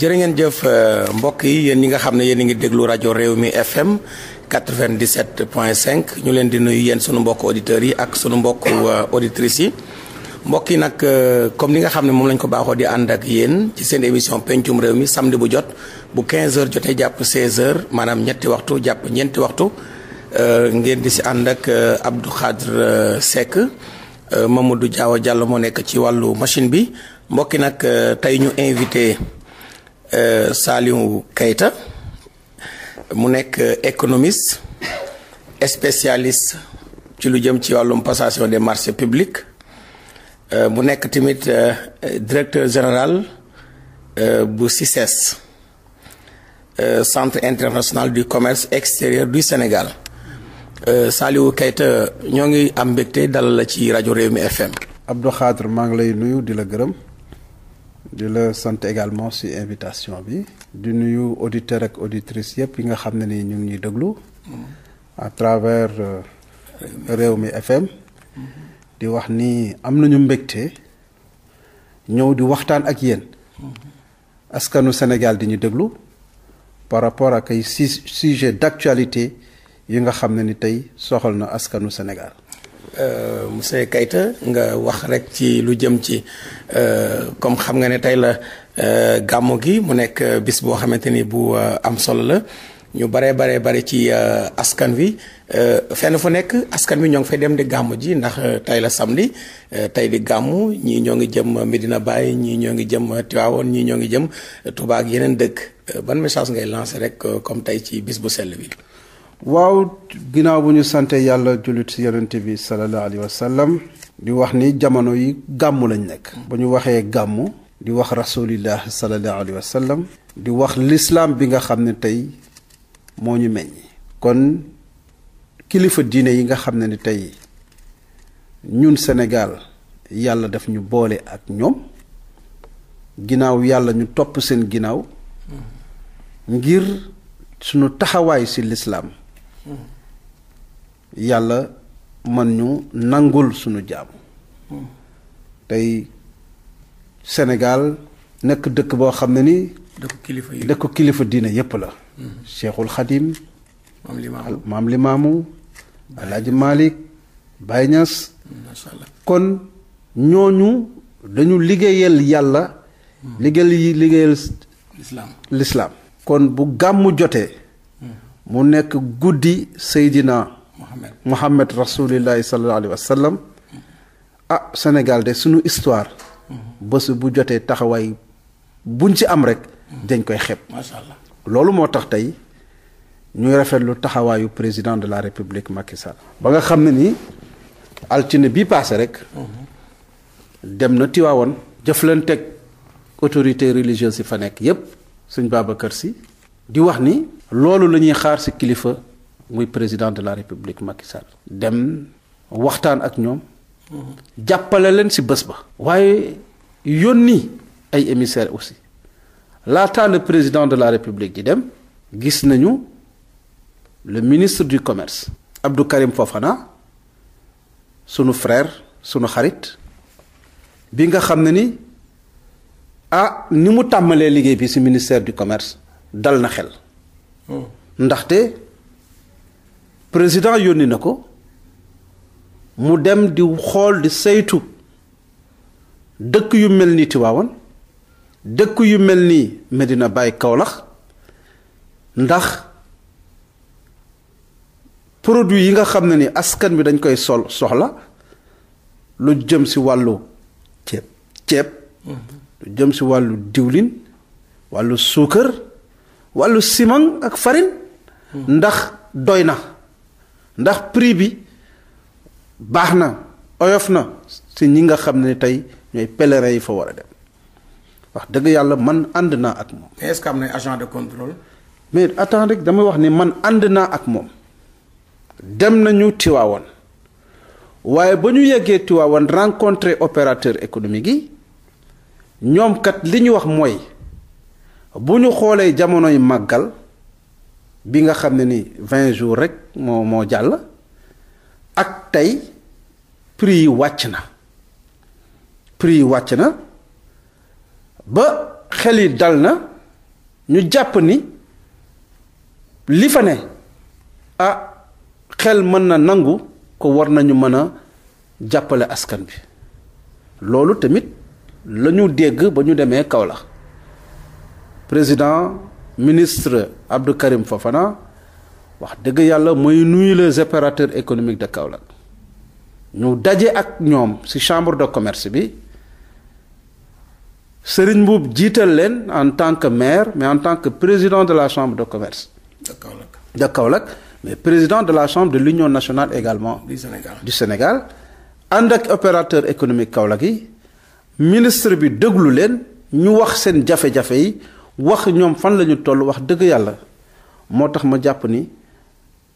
jërë ngeen jëf euh, mbokk yi yéen ñi nga xam ne yéen a ngi déglu rajo réew mi FM 97.5 ñu leen di nuyu yéen sunu mbokk auditeurs yi ak sunu mbokk euh, auditrices yi mbokk yi nag euh, comme li nga xam ne moom lañ ko baaxoo di ànd ak yéen ci seen émission pencum réew mi samedi bu jot bu 15h jotee jàpp 16h maanaam ñetti waxtu jàpp ñeenti waxtu ngeen di si ànd ak Abdou Khadre Seck Mamadou Diaw Diallo moo nekk ci wàllu machine bi mbokk yi nag tey ñu invité. Euh, Saliou Keita mu nekk économiste spécialiste ci lu jëm ci wàllum passation des marché publics euh, mu nekk tamit euh, directeur général bu CICES e centre international du commerce extérieur du Sénégal Saliou Keita ñoo ngi am mbégte dalal la ci rajo Rewmi FM. Abdou Khadre maa ngi lay nuyu di la gërëm. di la sant également si invitation bi di nuyu auditeurs ak auditrices yëpp yi nga xam ne ni ñu ngi ñuy déglu à travers euh, mi FM di wax ni am nañu mbégte ñëw di waxtaan ak yéen askanu Sénégal di ñu déglu par rapport ak ay sujet d'actualité yi nga xam ne ni tey soxal na askanu Sénégal Euh, monsieur Keita nga wax rek ci lu jëm ci euh, comme xam nga ne tey la euh, gàmmu gi mu nekk bis boo xamante ni bu am solo la ñu baree baree bari ci askan wi fenn fu nekk askan wi ñoo ngi fay dem di gàmmu ji ndax tey la samedi tey di gàmmu ñii ñoo ngi jëm Medina Baye ñii ñoo ngi jëm Tivaouane ñii ñoo ngi jëm Touba ak yeneen dëkk ban message ngay lancé rek comme tey ci bis bu sell bi. waaw ginnaaw bu ñu santee yàlla jullit si yonent bi sallallahu alayhi sallam di wax ni jamono yi gàmmu lañ nekk bu ñu waxee gàmmu di wax rasulillah sallallahu alayhi sallam di wax lislaam bi nga xam ne tey moo ñu meññ kon kilifa diine yi nga xam ne ni tey ñun Sénégal yàlla daf ñu boole ak ñoom ginnaaw yàlla ñu topp seen ginnaaw mm-hmm. ngir sunu taxawaay ci lislaam yàlla man ñu nangul suñu jaamu tey Sénégal nekk dëkk boo xam ne ni dëkku kilifa diine yépp la hmm. Cheikhul Xadim maam limaamu alaaji Malick Baye kon ñooñu dañu liggéeyal yàlla hmm. liggéeyal liggéeyal lislaam kon bu gàmmu jotee mu nekk guddi Seydina Muhammad rasulillahi sallallahu alayhi ah Sénégal de suñu histoire bés bu jotee taxawaay buñ ci am rek dañ koy xep macha allah loolu moo tax tey ñuy rafetlu taxawaayu président de la république Macky Sall ba nga xam ne ni altine bi paase rek dem na Tiwaawan jëflanteeg autorités religieuses yi fa nekk yépp suñ kër Si di wax ni loolu la ñuy xaar ci kilifa muy président de la république Macky dem waxtaan ak ñoom jàppale leen ci bés ba waaye yónni ay émissaires aussi laataa le président de la république di dem gis nañu le ministre du commerce Abdou Karim Fofana sunu frère sunu xarit bi nga xam ne ni ah ni mu tàmbalee liggéey bi ci ministère du commerce dal na xel ndaxte président yónni na ko mu dem di xool di saytu dëkk yu mel ni Tiwaawan dëkk yu mel ni Medina bàyyi kawlax ndax produit yi nga xam ne ni askan bi dañ koy sol soxla lu jëm si wàllu ceeb ceeb lu jëm si wàllu diwlin wàllu suukar wàllu ciment ak farin ndax doy na ndax prix bi baax na oyof na si ñi nga xam ne tey ñooy pèlerins yi fa war a dem wax dëgg yàlla man ànd naa ak moom. agent de contrôle. mais attends rek damay wax ni man ànd naa ak moom dem nañu Tiwaawan waaye ba ñu yeggee Tiwaawan rencontré opérateur économique yi ñoom kat li ñu wax mooy. bu ñu xoolee jamonoy màggal bi nga xam ne ni vingt jour rek moo moo jàll ak tey prix yi wàcc na prix yi wàcc na ba xel yi dal na ñu jàpp ni li fa ne a ah, xel mën na nangu ko war nañu mën a jàppale askan bi loolu tamit la ñu dégg ba ñu demee Kaolack président ministre Abdou Karim Fofana wax dëgg yàlla mooy nuyu les opérateurs économiques de Kaolack ñu daje ak ñoom ci chambre de commerce bi Serigne Mboup jiital leen en tant que maire mais en tant que président de la chambre de commerce. de Kaolack de mais président de la chambre de l'union nationale également. du Sénégal du Sénégal ànd ak opérateur économique Kaolack yi ministre bi déglu leen ñu wax seen jafe-jafe yi. wax ñoom fan la ñu toll wax dëgg yàlla moo tax ma jàpp ni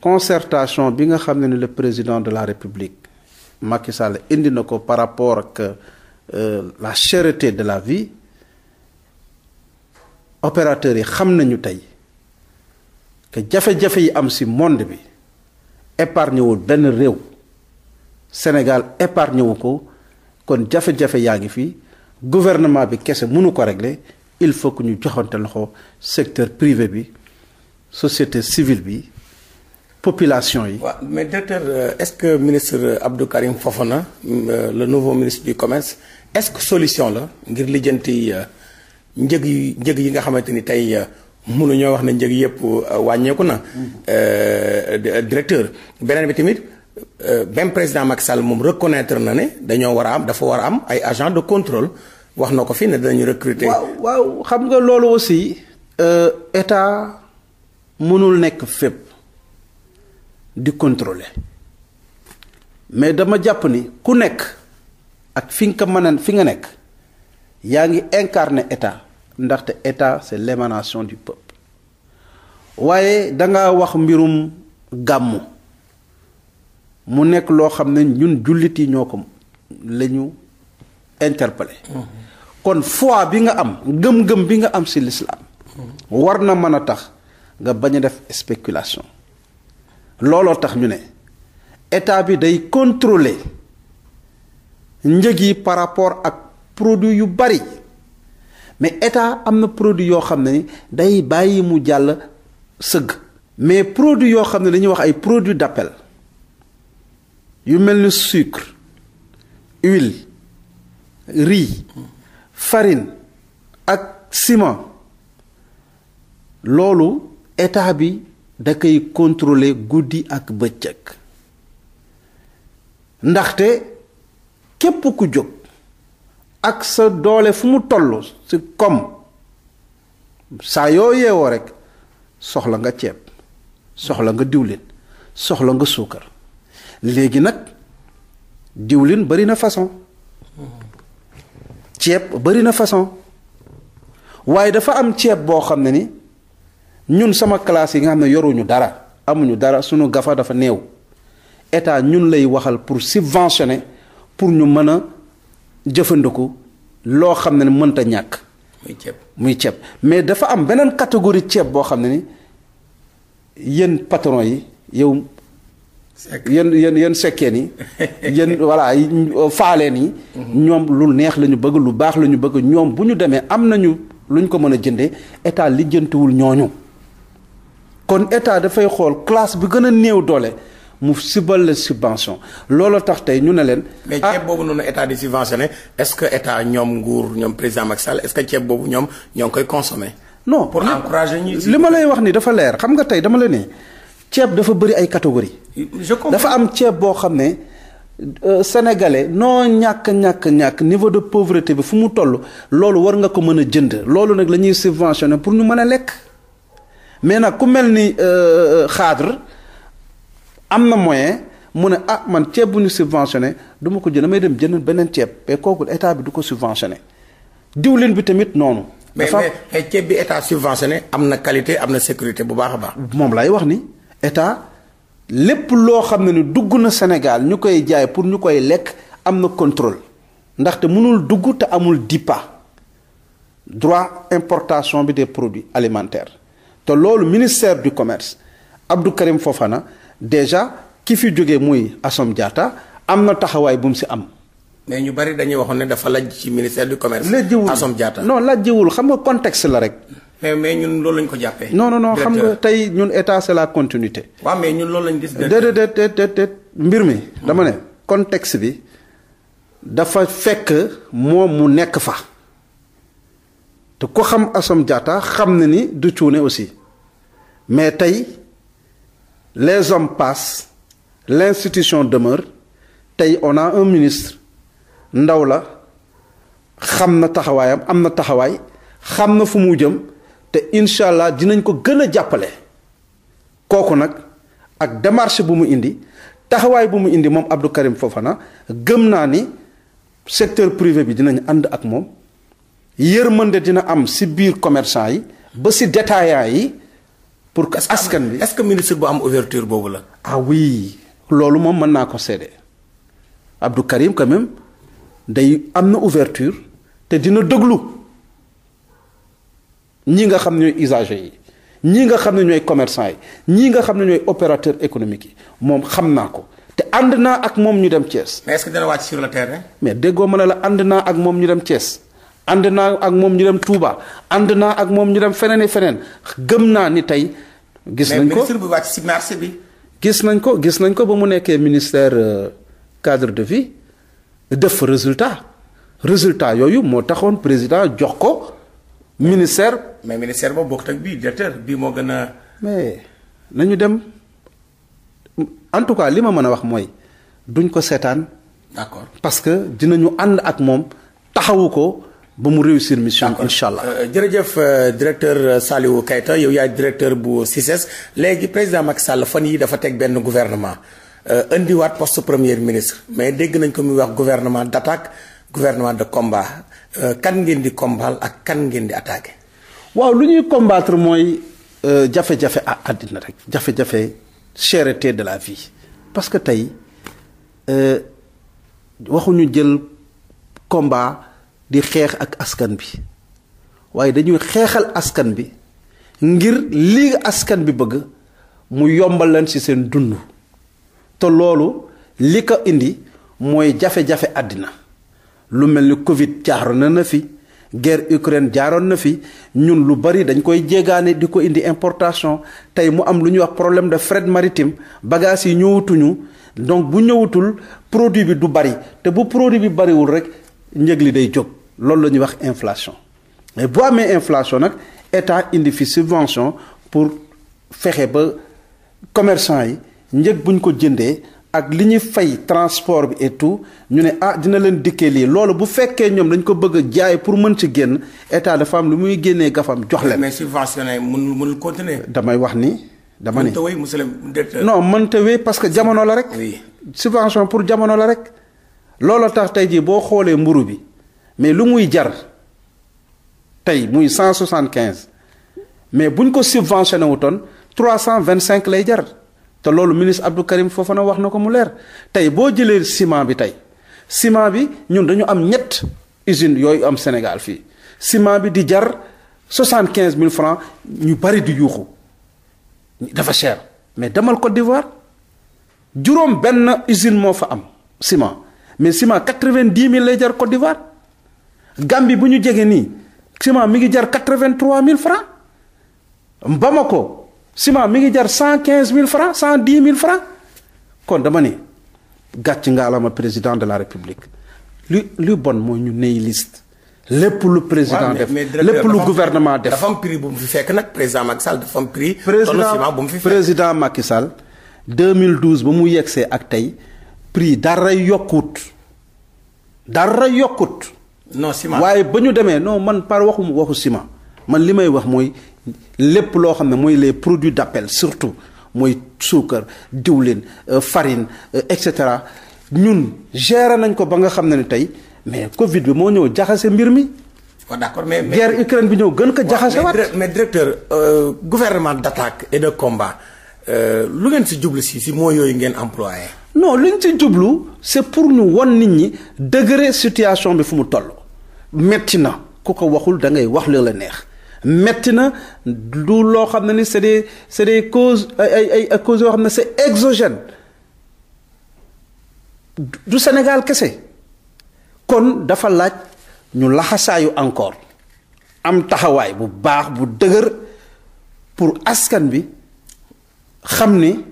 concertation bi nga xam ne ni le président de la république Macky indi na ko par rapport ak euh, la cherté de la vie opérateurs yi xam nañu tey que jafe-jafe yi am ci monde bi épargne wul benn réew Sénégal épargne wu ko kon jafe-jafe yaa ngi fi gouvernement bi kese mënu ko régler il faut que ñu joxante loxo secteur privé bi société civile bi population yi. waaw mais directeur euh, est-ce que ministre Abdou Karim Fofana mm, euh, le nouveau ministre du commerce est-ce que solution la ngir lijjanti euh, njëg yi njëg yi nga xamante ni tey. mënu ñoo wax ne njëg yëpp wàññeeku na. directeur beneen bi tamit même président Macky Sall moom reconnaître na ne dañoo war a am dafa war a am ay agent de contrôle. wax na ko fi ne danañu recruter. waaw waaw xam nga loolu aussi euh, état mënul nekk fépp di contrôler mais dama jàpp ni ku nekk ak fi nga ko mën a fi nga nekk yaa ngi incarner état ndaxte état c'est l'émanation du peuple waaye danga wax mbirum gàmmu mu nekk loo xam ne ñun jullit yi ñoo ko lañu ñu interpellé. Mm-hmm. kon fois bi nga am gëm-gëm bi nga am ci lislaam war na mën a tax nga bañ a def spéculation looloo tax ñu ne état bi day contrôler njëg yi par rapport ak produit yu bari mais état am na produit yoo xam ne day bàyyi mu jàll sëgg mais produit yoo xam ne dañuy wax ay produits d'appel yu mel ni sucre huile riz farine ak ciment loolu état bi da koy contrôler guddi ak bëccëg ndaxte képp ku jóg ak sa doole fu mu toll ci kom saa yoo yeewoo rekk soxla nga ceeb soxla nga diwlin soxla nga suukar léegi nag diwlin bari na façon ceeb bari na façon waaye dafa am ceeb boo xam ne ni ñun sama classe yi nga xam ne yoruñu dara amuñu dara suñu gafa dafa néew état ñun lay waxal pour subventionner pour ñu mën a jëfandiku loo xam ne mënta ñàkk. muy ceeb muy ceeb mais dafa am beneen catégorie ceeb boo xam ne ni yéen patron yi yow yéen yéen yéen sekkeen yi yéen voilà faaleen yi mhm. ñoom lu neex la ñu bëgg lu baax la ñu bëgg ñoom bu ñu demee am nañu lu ñu ko mën a jëndee état lijjantiwul ñooñu kon état dafay xool classe bi gën a néew doole mu sibal la subvention looloo tax tey ñu ne leen. mais ah ceeb boobu noonu état di subventionné est-ce que état ñoom nguur ñoom président Macky Sall est-ce que ceeb boobu ñoom ñoo koy consommé. no pour encourager ñi. li ma lay wax ni dafa leer xam nga tey dama la ne. ceeb dafa bëri ay catégorie dafa am ceeb boo xam ne euh, sénégalais noo ñàkk ñàkk ñàkk niveau de pauvreté bi fu mu toll loolu war nga ko mën a jënd loolu nag la ñuy subventionné pour ñu mën a lekk mais nag ku mel ni xaadre euh, euh, am na moyen mu ne ah man ceeb bu ñu subventionné du ma ko jënd damay dem jënd beneen ceeb mais kooku état bi du ko subventionné diwlin bi tamit noonu. mais mais ceeb bi état subventionné am na qualité am na sécurité bu baax a baax. moom laay wax ni. état lépp loo xam ne ni dugg na Sénégal ñu koy jaay pour ñu koy lekk am na contrôle ndaxte mënul dugg te amul DIPA droit importation bi des produits alimentaire te loolu ministère du commerce Abdou foofa Fofana déjà ki fi jóge muy Assome jaata am na taxawaay bu mu si am. mais ñu bari dañuy waxoon ne dafa lajj ci ministère du commerce. lajjiwul Assome Diatta non lajjiwul xam nga contexte la rek. mais mais ñun loolu lañ ko jàppee. non non xam nga tey ñun état c'est la continuité. waaw mais ñun loolu lañ gis. déedéet déet déet mbir mi. dama ne hmm. contexte bi dafa fekk moom mu nekk fa. te ko xam Assome Diatta xam na ni du cuune aussi mais tey les hommes passent l'institution demeure tey on a un ministre ndaw la xam na taxawaayam am na taxawaay xam na fu mu jëm. te incha allah dinañ ko gën a jàppale kooku nag ak demarché bu mu indi taxawaay bu mu indi moom Abdou Karim Fofana gëm naa ni secteur privé bi dinañ ànd ak moom mën de dina am si biir commerçant yi ba si détaillant yi pour que askan bi est-ce que ministre bu am ouverture boobu la. ah oui loolu moom mën naa ko seede Abdou Karim quand même day am na ouverture te dina déglu. ñii nga xam ne ñooy usagers yi ñii nga xam ne ñooy commerçant yi ñii nga xam ne ñooy opérateur économique yi moom xam naa ko te ànd naa ak moom ñu dem Thiès. ce que wàcc sur le terrain. mais déggoo la ànd naa ak moom ñu dem Thiès ànd naa ak moom ñu dem Touba ànd ak moom ñu dem feneen i feneen gëm naa ni tey. gis nañ ko mais si marché bi. gis nañ ko gis nañ ko ba mu nekkee ministère euh, cadre de vie def résultat résultat yooyu moo taxoon président jox ko. ministère. mais ministère boobu bokkut ak bii directeur bii moo gën a. mais nañu dem en tout cas li ma mën a wax mooy duñ ko seetaan. d'accord parce que dinañu ànd ak moom taxawu ko. ba mu réussir mission incha allah euh, jërëjëf euh, directeur euh, Saliou Keita yow yaay directeur bu CICES léegi président Macky Sall fan yi dafa teg benn gouvernement indiwaat poste première ministre mais dégg nañ ko muy wax gouvernement d'attaque gouvernement de combat Euh, kan ngeen di combattre ak kan ngeen di attaqué. waaw lu ñuy combattre mooy euh, jafe-jafe ah àddina rek jafe-jafe cherté de la vie parce que tey euh, waxuñu jël combat di xeex ak askan bi waaye dañuy xeexal askan bi ngir lii askan bi bëgg mu yombal leen ci seen dund te loolu li ko indi mooy jafe-jafe àddina lu mel ni Covid jaaroon na na fi guerre Ukraine jaaroon na fi ñun lu bari dañ koy jéegaane di ko indi importation tey mu am lu ñuy wax problème de fret maritime bagages yi ñëwatuñu donc bu ñëwatul produit bi du bari te bu produit bi bariwul rek njëg li day jóg loolu la ñuy wax inflation mais bu amee inflation nag état indi fi subvention pour fexe ba commerçant yi njëg buñ ko jëndee. ak li ñu fay transport bi et tout ñu ne ah dina leen dikkee lii loolu bu fekkee ñoom dañ ko bëgg a jaay pour mën ci génn état de am lu muy génnee gafam jox leen. mais subventionné mun mun continuer. damay wax ni dama ni no mënta wee parce que jamono la rek. subvention pour jamono la rek. loolu tax tey jii boo xoolee mburu bi mais lu muy jar tey muy cent soixante quinze mais buñ ko subventionné wutoon trois cent vingt cinq lay jar. te loolu ministre Abdou Karim Fofana wax na ko mu leer tey boo jëlee ciment bi tey ciment bi ñun dañu am ñett usine yooyu am Sénégal fii ciment bi di jar soixante quinze mille francs ñu bari di yuuxu dafa cher mais demal Côte d'Ivoire juróom benn usine moo fa am ciment mais ciment quatre vingt dix mille lay jar Côte d'Ivoire Gambie bu ñu jege nii ciment mi ngi jar quatre vingt trois mille francs ko ciment mi ngi jar cent quinze mille francs cent dix mille francs kon dama ne gàcc ngaalama président de la république lu lu bon mooy ñu ney liste lépp lu président def lépp lu gouvernement def dafa am prix bu mu fi fekk nag président Macky Sall dafa am prix. président bu mu fi fekk président Macky Sall 2012 ba mu yegsee ak tey prix dara yokkut dara yokkut. non waaye ba ñu demee no man par waxum waxu siman man li may wax mooy lépp loo xam ne mooy les produits d'appel surtout mooy suukar diwlin euh, farine euh, et cetera ñun gérer nañ ko ba nga xam ne ni tey mais Covid bi moo ñëw jaxase mbir mi. waaw d'accord mais mais guerre Ukraine bi ñëw gën ko jaxase waat. mais directeur euh, gouvernement d'attaque et de combat lu ngeen si jublu si si moo yooyu ngeen employé. non luñ si jublu c'est pour ñu won nit ñi degré situation bi fu mu toll. metti na ku ko waxul da ngay wax li la neex. metti na du loo xam ne ni c'est des c'est des causes ay ay ay causes yoo xam ne c'est exogène du Sénégal kese kon dafa laaj ñu laxasaayu encore am taxawaay bu baax bu dëgër pour askan bi xam ni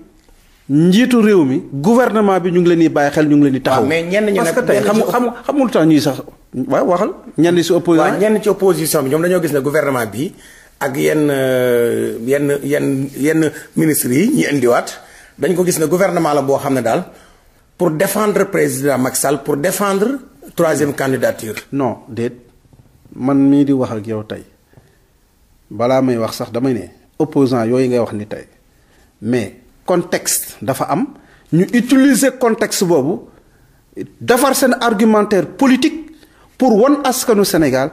njiitu réew mi gouvernement bi ñu ngi leen di bàyyi xel ñu ngi leen di taxaw. mais ñenn ñi parce que tey xam xam xamul tax ñuy sax waaw waxal ñenn ci opposition. waaw ñenn ci opposition bi ñoom dañoo gis ne gouvernement bi ak yenn euh, yenn yenn yenn ministres yi ñi indiwaat dañ ko gis ne gouvernement la boo xam ne daal pour défendre président Macky Sall pour défendre troisième candidature. non déet man mii di wax ak yow tey balaa may wax sax damay ne opposant yooyu ngay wax ni tey mais. contexte dafa am ñu utiliser contexte boobu defar seen argumentaire politique pour wan askanu Sénégal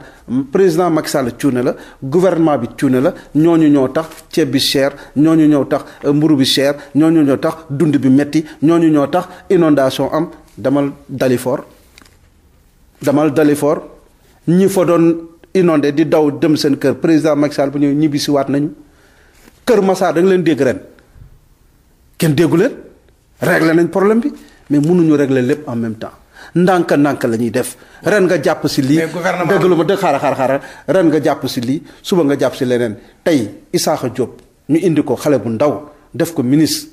président Macky Sall cuune la gouvernement bi cuune la ñooñu ñoo tax ceeb bi cher ñoo ñu ñoo tax euh, mburu bi cher ñooñu ñoo tax dund bi metti ñooñu ñoo tax inondation am damal Dalifort damal Dalifort ñi fa doon inondé di daw dem seen kër président Macky Sall bu ñëw ñibbisiwaat nañu Kër Massar da leen dégg ren kenn déggu leen réglé nañ problème bi mais mënuñu réglé lépp en même temps ndànk ndànk la ñuy def ren nga jàpp si lii. déglu ma dëgg xaaral xaaral ren nga jàpp si lii suba nga jàpp si leneen tey Isaaxa Diop ñu indi ko xale bu ndaw def ko ministre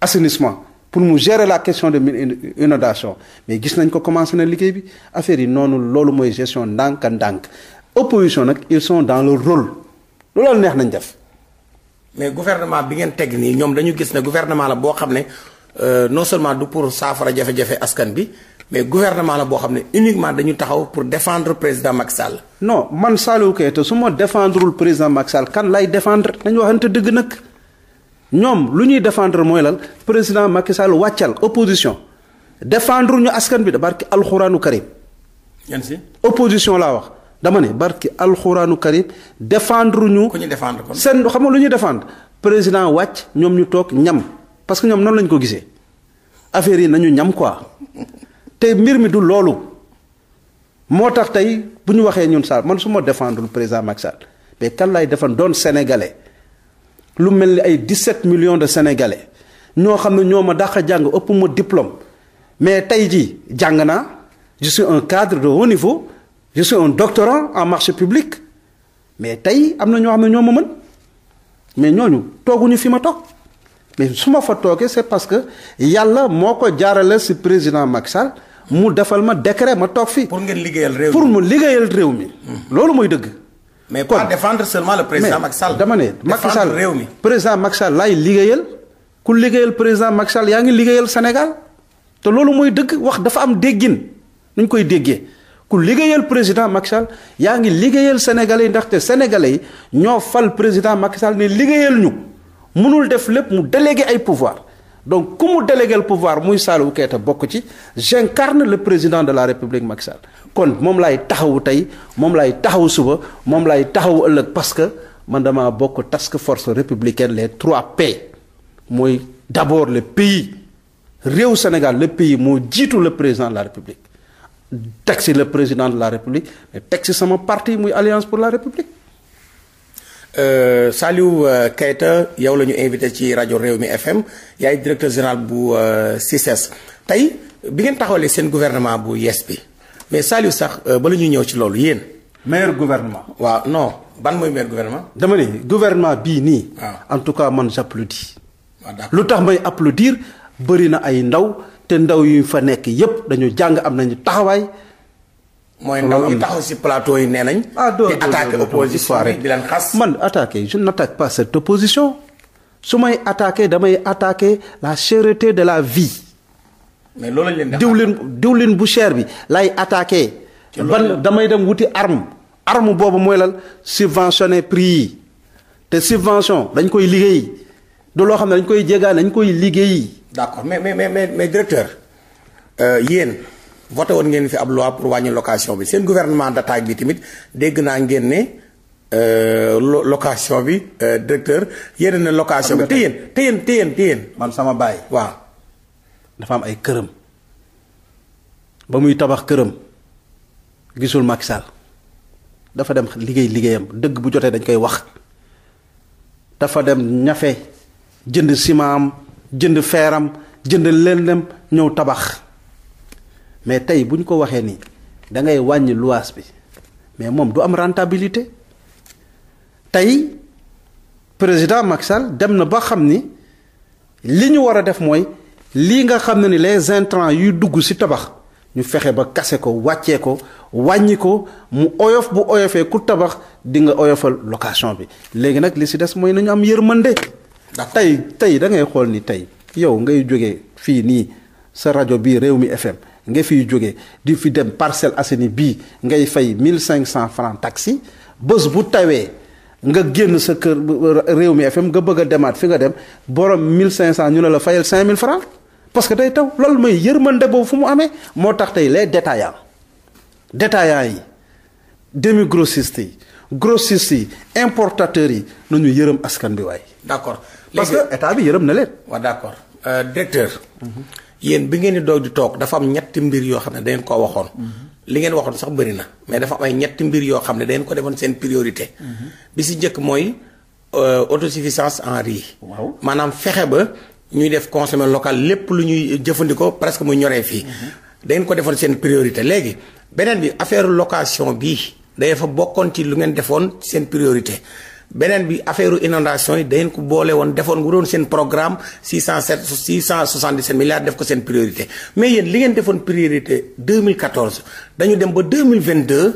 assainissement pour mu gérer la question de inondation mais gis nañ ko commencé na liggéey bi affaire yi noonu loolu mooy gestion ndànk ndànk opposition nag ils son dans le rôle loolu neex nañ def. mais gouvernement bi ngeen teg nii ñoom dañu gis ne guvernement la boo xam ne euh, non seulement du pour saafara jafe-jafe askan bi mais gouvernement la boo xam ne uniquement dañu taxaw pour défendre président Macky Sall. non man Saliou Keita su ma ul président Macky Sall kan lay défendre nañu te dëgg nag ñoom lu ñuy defendre mooy lan président Macky Sall wàccal opposition defendre ñu askan bi da barki alxuraanu karim. yan si opposition laa wax dama ne barki alxuraanu karim défendre ñu. ku ñu défendre kon seen xam nga lu ñuy défendre président wàcc ñoom ñu toog ñam parce que ñoom noonu lañ ko gisee affaire yi nañu ñam quoi te mbir mi du loolu moo tax tey bu ñu waxee ñun Sall man suma ma défendre président Macky Sall mais kan laay défendre doon sénégalais lu mel ni ay 17 million de sénégalais ñoo xam ne ñoo ma dàq jàng ëpp ma diplôme mais tey jii jàng na je suis un cadre de haut niveau. je suis un doctorant en marché public mais tey am na ñoo xam ne ñoo ma mën mais ñooñu tooguñu fi ma toog mais su ma fa toogee c'est parce que yàlla moo ko jaarale ci président Macky Sall mu defal ma décret ma toog fii pour ngeen liggéeyal réew mi pour mu liggéeyal réew mi. Hmm. loolu mooy dëgg. mais pas défendre seulement le président Macky Sall. dama ne Macky Sall réew mi président Macky Sall laay liggéeyal ku liggéeyal président Macky Sall yaa ngi liggéeyal Sénégal te loolu mooy dëgg wax dafa am déggin nuñ koy déggee. ku liggéeyal président Macky Sall yaa ngi liggéeyal sénégalais yi ndaxte sénégalais yi ñoo fal président Macky Sall ne liggéeyal ñu mënul def lépp mu délégué ay pouvoir donc ku mu délégué pouvoir muy Salou Keita bokk ci j'incarne le président de la république Macky Sall kon moom laay taxawu tey moom laay taxawu suba moom lay taxawu ëllëg parce que man dama bokk task force républicaine les trois P mooy d'abord le pays réew Sénégal le pays moo jiitu président la république. teg si le président de la république mais teg si sama parti muy alliance pour la république. Euh, Saliou euh, yow la ñu invité ci rajo réew mi FM yaay directeur général bu euh, CICES tey bi ngeen taxawlee seen gouvernement bu yees bi mais Saliou sax euh, ba la ñuy ñëw ci loolu yéen. meilleur gouvernement. waaw non ban mooy meilleur gouvernement. dama ne gouvernement bii nii. Ah. en tout cas man j'applaudis. Ah, lu tax may applaudir bëri na ay ndaw. te ndaw yu fa nekk yépp dañu jàng am nañu taxawaay. mooy ndaw yi taxaw ci plateau yi nee nañ. ah doo doo attaqué opposition di leen man attaqué je n'attaque pas cette opposition su may attaqué damay attaqué la cherté de la vie. mais loolu lañ leen diwlin diwlin bu cher bi lay attaqué. ban damay dem wuti arme. arme boobu mooy lan subventionné prix yi te subvention dañ koy liggéey du loo xam ne dañ koy jégaan dañ koy liggéey. d' accord mais mais mais mais directeur euh, yéen voté woon ngeen fi ab loi pour wàññi location bi seen gouvernement d' attaque bi tamit dégg naa ngeen ne euh, location bi euh, directeur yéen ne location bi. te yéen te man sama baay. waaw dafa am ay këram ba muy tabax këram gisul Macky dafa dem liggéey liggéeyam dëgg bu jotee dañ koy wax dafa dem ñafe jënd ciment am jënd feeram jënd lëndëm ñëw tabax mais tey bu ñu ko waxee nii da ngay wàññi luwaas bi mais moom du am rentabilité tey président Macky Sall dem na ba xam ni li ñu war a def mooy lii nga xam ne ni les intrants yuy dugg ci tabax ñu fexe ba kase ko wàccee ko wàññi ko mu oyof bu oyofee ku tabax di nga oyofal location bi léegi nag li si des mooy nañu am yërmande. tey tey da ngay xool ni tey yow ngay jóge fii nii sa rajo bii réew mi FM nga fi jóge di fi dem Parcelles Assainies bii ngay fay cent francs taxi bés bu tawee nga génn sa kër réew mi FM nga bëgg demaat fi nga dem borom 1500 ñu ne la fayal 5000 francs parce que day taw loolu mooy yërmande boobu fu mu amee moo tax tey les détaillants détaillants yi. demi grossiste yi grossiste yi importateurs yi nañu yërëm askan bi waay. d' accord parce que état bi yërëm na leen. waa d' accord euh, directeur. yéen bi ngeen di doog di toog dafa am ñetti mbir yoo xam ne dangeen koo waxoon. li ngeen waxoon sax bëri na mais dafa am ñetti mbir yoo xam ne dangeen ko defoon seen priorité. bi si njëkk mooy euh, autosuffisance en riz. waaw maanaam fexe ba ñuy def consommer local lépp lu ñuy jëfandikoo presque muy ñoree fii. Mhm. dangeen ko defoon seen priorité léegi beneen bi affaire location bii. day fa bokkoon ci lu ngeen defoon seen priorité beneen bi affaire inondation yi dangeen ko boole woon defoon wu doon seen programme 607 677 milliards def ko seen priorité mais yéen li ngeen defoon priorité 2014 dañu dem ba 2022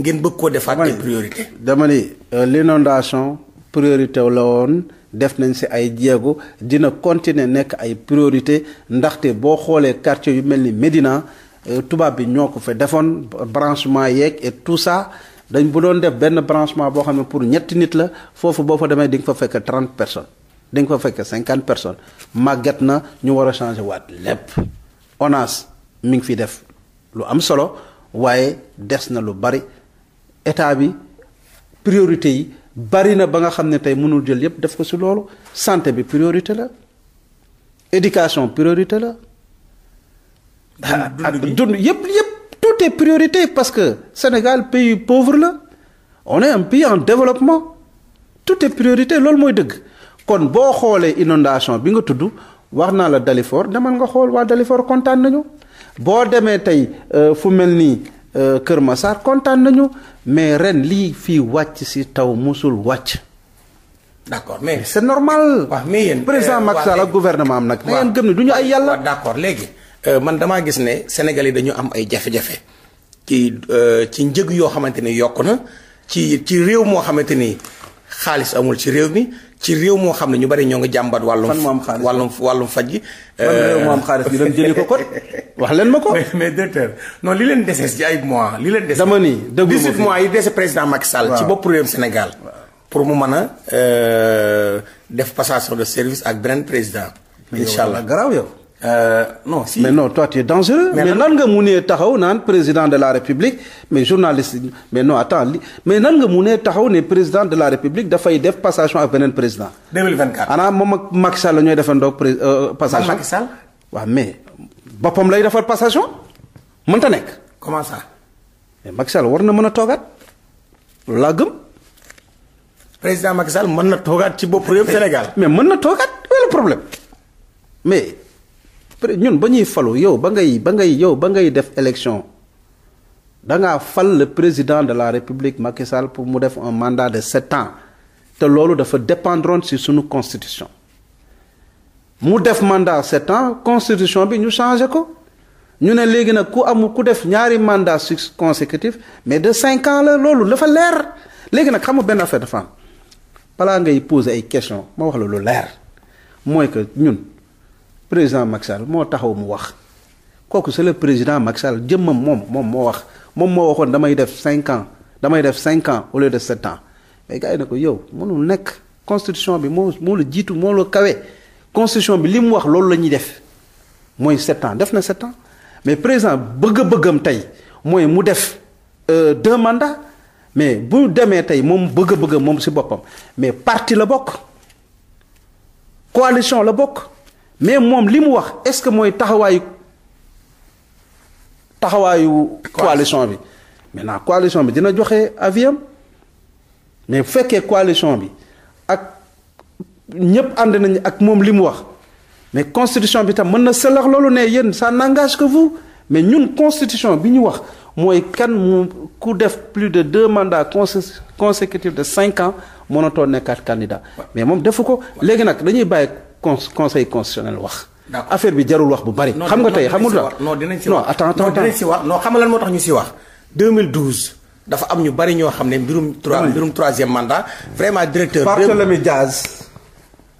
ngeen bëgg koo defaat ay priorité dama ni euh, l'inondation priorité la woon def nañ si ay jéego dina continuer nekk ay priorité ndaxte boo xoolee quartier yu mel ni Médina Euh, tubaab bi ñoo ko fa defoon branchement yeeg et tout ça dañ bu doon def benn branchement boo xam ne pour ñetti nit la foofu boo fa demee di nga fa fekk trente personnes di nga fa fekk cinquante personnes màggat na ñu war a changer waat lépp ONAS mi ngi fi def lu am solo waaye des na lu bari état bi priorité yi bari na ba nga xam ne tey mënul jël yépp def ko si loolu santé bi priorité la éducation priorité la Ah, ah, dund yëpp yëpp tout est priorité parce que Sénégal pays pauvre la on est pays en développement toute est priorité loolu mooy dëgg kon boo xoolee inondation bi nga tudd wax naa la Dalifort demal nga xool waa Dalifort kontaan nañu boo demee tey euh, fu mel nii euh, Kër Massar kontaan nañu mais ren lii fii wàcc si taw musul wàcc. d'accord mais c'est normal. waaw mais yéen président euh, Macky Sall ak am nag. waaw da gëm ne du ñu ay yàlla. d'accord léegi. Euh, man damaa gis ne Sénégal yi dañu am ay jafe-jafe ci euh, ci njëg yoo xamante ni yokk na ci ci réew moo xamante ni xaalis amul ci réew mi ci réew moo xam ne ñu bari ñoo ngi jàmbat wàllu wàllum wàllum wàllum faj gi réew moo euh, am xaalis ñu dem jëli wax leen ma ko mais directeur non li leen desees ci ay mois li leen des dama ni dëgg 18 mois yi dese président Macky Sall ci bopp réewum Sénégal pour mu mën a def passation de service ak beneen président incha allah garaaw yow Euh, non si mais non toi tu mais nan nga munee taxaw naan président de la république mais journaliste mais non attends li mais nan nga munee taxaw ne président de la république dafay def passation ak beneen président. 2024 ana moom ak Macky Sall la ñooy defandoo pré euh, euh, passation. Macky Sall. waaw mais boppam lay defar passation mënta nekk. comment ça. mais Macky war na mën a toogaat loolu laa gëm. président Macky Sall mën na toogaat ci bopp réew Sénégal. mais mën na toogaat loolu problème ñun ba ñuy falu yow ba ngay ba ngay yow ba ngay def élection da ngaa fal le président de la république Macky pour mu def un mandat de sept ans te loolu dafa dépendron si suñu constitution mu def mandat sept ans constitution bi ñu changé ko ñu ne léegi nag ku amul ku def ñaari mandat su consécutif mais de cinq ans la loolu dafa leer léegi nag xam nga benn affaire dafa am balaa ngay poser ay question ma wax la lu leer mooy que ñun président Macky moo taxaw mu wax kooku c'est le président Macky Sall jëmmam moom moom moo wax moom moo waxoon damay def cinq ans damay def cinq ans au lieu de sept ans mais gars ne ko yow mënul nekk constitution bi moo moo la jiitu moo la kawe constitution bi li mu wax loolu la ñuy def mooy sept ans def na sept ans mais président bëgg-bëggam tey mooy mu def euh, deux mandats mais bu demee tey moom bëgg-bëggam moom si boppam mais parti la bokk coalition la bokk. mais moom li mu wax est-ce que mooy taxawaayu taxawaayu. coalition bi mais maintenant coalition bi dina joxe aviam mais bu fekkee coalition bi ak ñëpp ànd nañ ak moom li mu wax mais constitution bi tam mën na sëlax loolu ne yenn ça n'engage que vous mais ñun constitution bi ñu wax mooy kan mu ku def plus de deux mandats consécutifs de cinq ans mënatoo nekkaat candidat mais moom defu ko léegi nag dañuy bàyyi. con conseil constitutionnel wax. affaire bi jarul wax bu bari. xam nga tey xamul la non dinañ si wax non dinañ si wax non xam nga lan moo tax ñu si wax. 2012 dafa am ñu bari ñoo xam ne mbirum. trois mbirum troisième mandat. vraiment directeur. Barthélémy Diaz